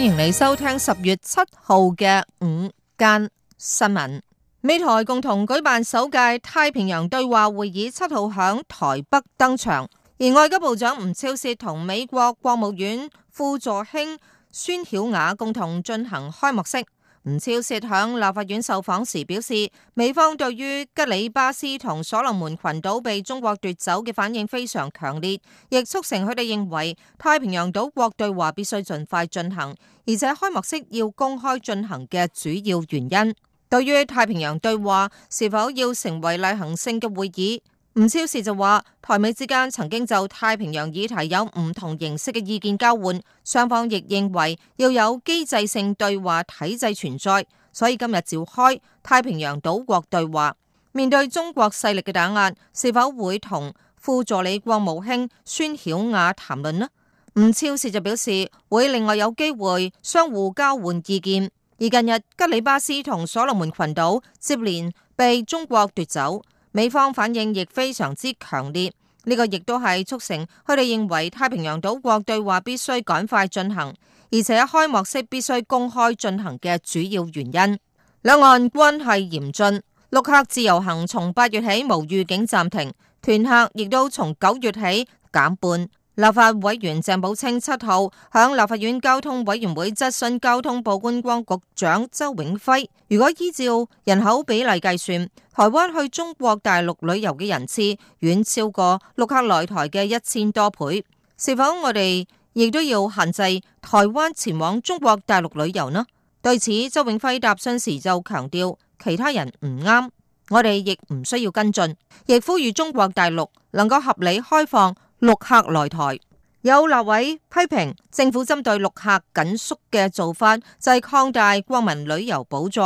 歡迎你收聽十月七號嘅午間新聞。美台共同舉辦首屆太平洋對話會議，七號響台北登場，而外交部長吳釗燮同美國國務院副助卿孫曉雅共同進行開幕式。吳釗燮，響立法院受訪時表示，美方對於吉里巴斯同所羅門群島被中國奪走嘅反應非常強烈，亦促成佢哋認為太平洋島國對話必須盡快進行，而且開幕式要公開進行嘅主要原因。對於太平洋對話是否要成為例行性嘅會議？吳超士就話，台美之間曾經就太平洋議題有唔同形式嘅意見交換，雙方亦認為要有機制性對話體制存在，所以今日召開太平洋島國對話。面對中國勢力嘅打壓，是否會同副助理國務卿孫曉雅談論呢？吳釗燮就表示會另外有機會相互交換意見。而近日，吉里巴斯同所羅門群島接連被中國奪走。美方反應亦非常之強烈，呢個亦都係促成佢哋認為太平洋島國對話必須趕快進行，而且開幕式必須公開進行嘅主要原因。兩岸關係嚴峻，陸客自由行從八月起無預警暫停，團客亦都從九月起減半。立法委員鄭寶清七號向立法院交通委員會質詢交通部觀光局長周永輝，如果依照人口比例計算，台灣去中國大陸旅遊嘅人次遠超過陸客來台嘅一千多倍，是否我哋亦都要限制台灣前往中國大陸旅遊呢？對此，周永輝答詢時就強調，其他人唔啱，我哋亦唔需要跟進，亦呼籲中國大陸能夠合理開放。陸客，來台，有立委批評政府針對陸客緊縮嘅做法，就係擴大國民旅遊補助，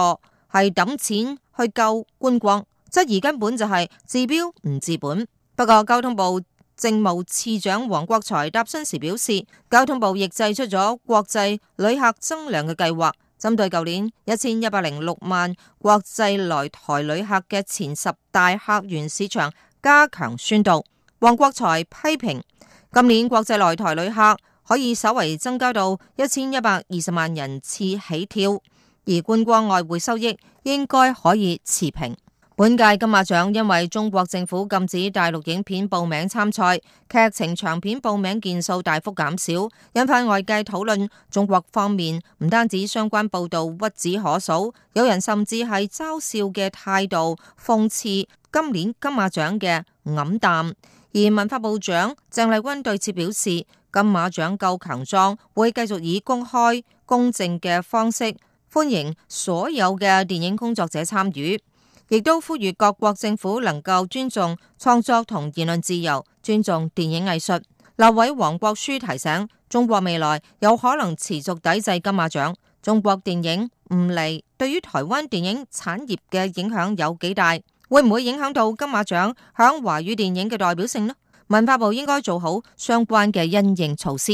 係抌錢去救觀光，質疑根本就係治標唔治本。不過交通部政務次長王國材答詢時表示，交通部亦祭出咗國際旅客增量嘅計劃，針對舊年一千一百零六萬國際來台旅客嘅前十大客源市場加強宣讀。王國財批評，今年國際來台旅客可以稍為增加到一千一百二十萬人次起跳，而觀光外匯收益應該可以持平。本屆金馬獎因為中國政府禁止大陸影片報名參賽，劇情長片報名件數大幅減少，引發外界討論。中國方面唔單止相關報道，屈指可數，有人甚至係嘲笑嘅態度，諷刺今年金馬獎嘅黯淡。而文化部長鄭麗君對此表示，金馬獎夠強壯，會繼續以公開、公正嘅方式歡迎所有嘅電影工作者參與，亦都呼籲各國政府能夠尊重創作同言論自由，尊重電影藝術。立委黃國書提醒，中國未來有可能持續抵制金馬獎，中國電影唔嚟，對於台灣電影產業嘅影響有幾大？會唔會影響到金馬獎響華語電影嘅代表性呢？文化部應該做好相關嘅因應措施。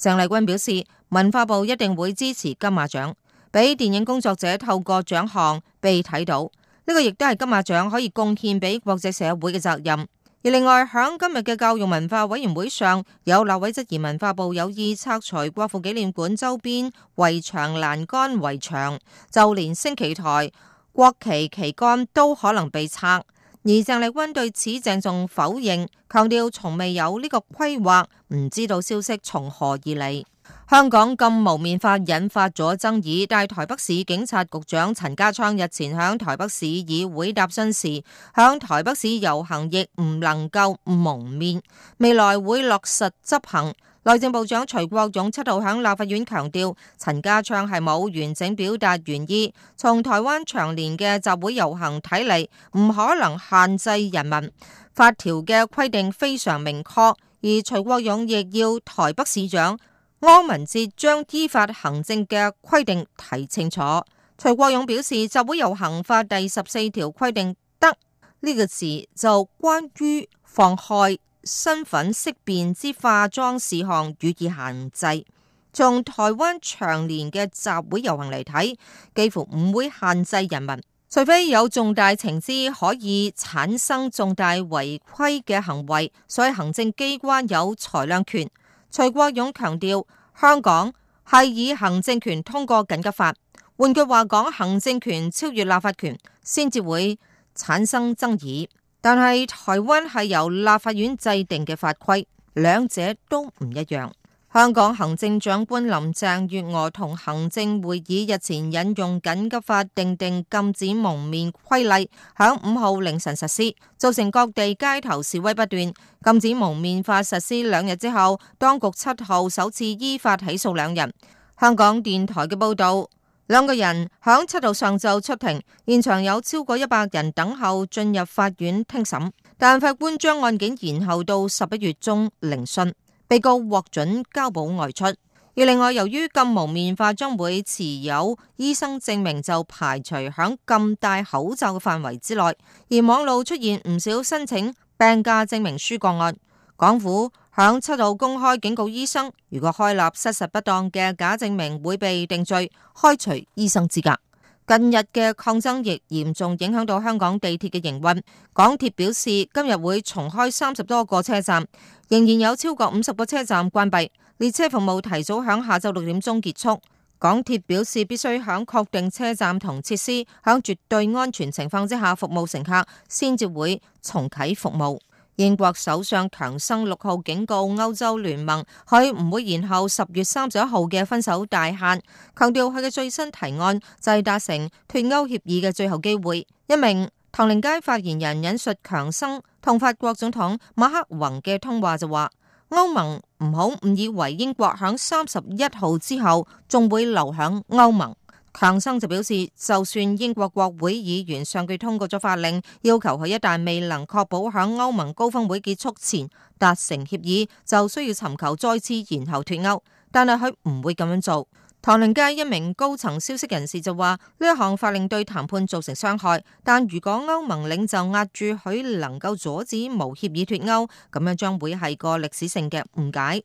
鄭麗君表示，文化部一定會支持金馬獎，俾電影工作者透過獎項被睇到。呢、這個亦都係金馬獎可以貢獻俾國際社會嘅責任。而另外，響今日嘅教育文化委員會上，有立委質疑文化部有意拆除國父紀念館周邊圍牆欄杆圍牆，就連升旗台。國旗旗桿都可能被拆，而鄭麗君對此鄭重否認，強調從未有呢個規劃，唔知道消息從何而嚟。香港禁蒙面法引發咗爭議，但台北市警察局長陳家昌日前響台北市議會答詢時，響台北市遊行亦唔能夠蒙面，未來會落實執行。內政部長徐國勇七號響立法院強調，陳家昌係冇完整表達原意。從台灣長年嘅集會遊行睇嚟，唔可能限制人民，法條嘅規定非常明確，而徐國勇亦要台北市長。柯文哲將依法行政嘅規定睇清楚。徐國勇表示，集會遊行法第十四條規定得呢、這個字，就關於妨害身份識別之化妝事項予以限制。從台灣長年嘅集會遊行嚟睇，幾乎唔會限制人民，除非有重大情資可以產生重大違規嘅行為，所以行政機關有裁量權。徐國勇強調，香港係以行政權通過緊急法，換句話講，行政權超越立法權先至會產生爭議。但係台灣係由立法院制定嘅法規，兩者都唔一樣。香港行政長官林鄭月娥同行政會議日前引用緊急法訂定禁止蒙面規例，響五號凌晨實施，造成各地街頭示威不斷。禁止蒙面法實施兩日之後，當局七號首次依法起訴兩人。香港電台嘅報道，兩個人響七號上晝出庭，現場有超過一百人等候進入法院聽審，但法官將案件延後到十一月中聆訊。被告獲准交保外出。而另外，由於禁蒙面法將會持有醫生證明就排除響禁戴口罩嘅範圍之內，而網路出現唔少申請病假證明書個案，港府響七號公開警告醫生，如果開立失實不當嘅假證明會被定罪開除醫生資格。近日嘅抗爭亦嚴重影響到香港地鐵嘅營運。港鐵表示，今日會重開三十多個車站，仍然有超過五十個車站關閉，列車服務提早響下晝六點鐘結束。港鐵表示，必須響確定車站同設施響絕對安全情況之下，服務乘客先至會重啟服務。英國首相強生六號警告歐洲聯盟，佢唔會延後十月三十一號嘅分手大限，強調佢嘅最新提案就係達成脫歐協議嘅最後機會。一名唐寧街發言人引述強生同法國總統馬克宏嘅通話，就話：歐盟唔好誤以為英國響三十一號之後仲會留響歐盟。強生就表示，就算英國國會議員上個月通過咗法令，要求佢一旦未能確保喺歐盟高峰會結束前達成協議，就需要尋求再次延後脫歐，但係佢唔會咁樣做。唐寧街一名高層消息人士就話，呢一項法令對談判造成傷害，但如果歐盟領袖壓住佢能夠阻止無協議脫歐，咁樣將會係個歷史性嘅誤解。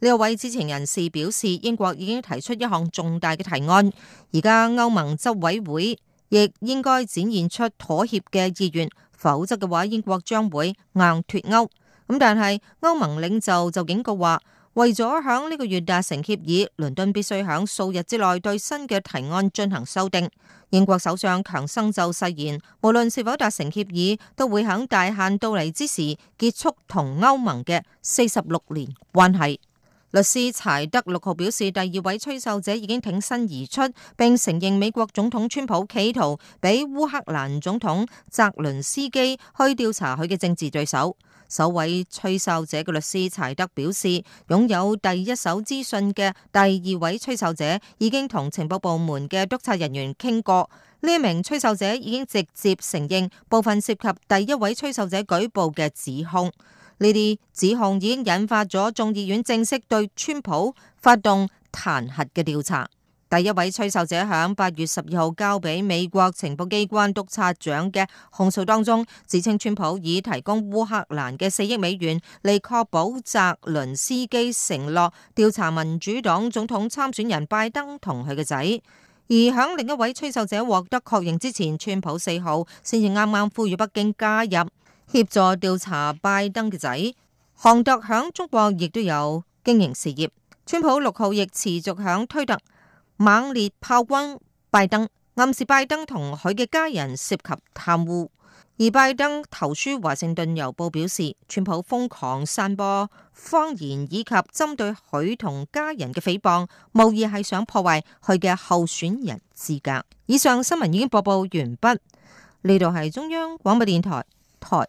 呢位知情人士表示，英國已經提出一項重大嘅提案，而家歐盟執委會亦應該展現出妥協嘅意願，否則嘅話，英國將會硬脱歐。咁但係歐盟領袖就警告話，為咗響呢個月達成協議，倫敦必須響數日之內對新嘅提案進行修訂。英國首相強生就誓言，無論是否達成協議，都會喺大限到嚟之時結束同歐盟嘅四十六年關係。律師柴德六號表示，第二位吹哨者已經挺身而出，並承認美國總統川普企圖俾烏克蘭總統澤倫斯基去調查佢嘅政治對手。首位吹哨者嘅律師柴德表示，擁有第一手資訊嘅第二位吹哨者已經同情報部門嘅督察人員傾過，呢一名吹哨者已經直接承認部分涉及第一位吹哨者舉報嘅指控。呢啲指控已經引發咗眾議院正式對川普發動彈劾嘅調查。第一位吹哨者響八月十二號交俾美國情報機關督察長嘅控訴當中，指稱川普已提供烏克蘭嘅四億美元嚟確保澤倫斯基承諾調查民主黨總統參選人拜登同佢個仔。而響另一位吹哨者獲得確認之前，川普四號先至啱啱呼籲北京加入。協助調查拜登嘅仔，杭特響中國亦都有經營事業。川普六號亦持續響推特猛烈炮轟拜登，暗示拜登同佢嘅家人涉及貪污。而拜登投書華盛頓郵報表示，川普瘋狂散播謊言以及針對佢同家人嘅誹謗，無疑係想破壞佢嘅候選人資格。以上新聞已經播報完畢。呢度係中央廣播電臺台。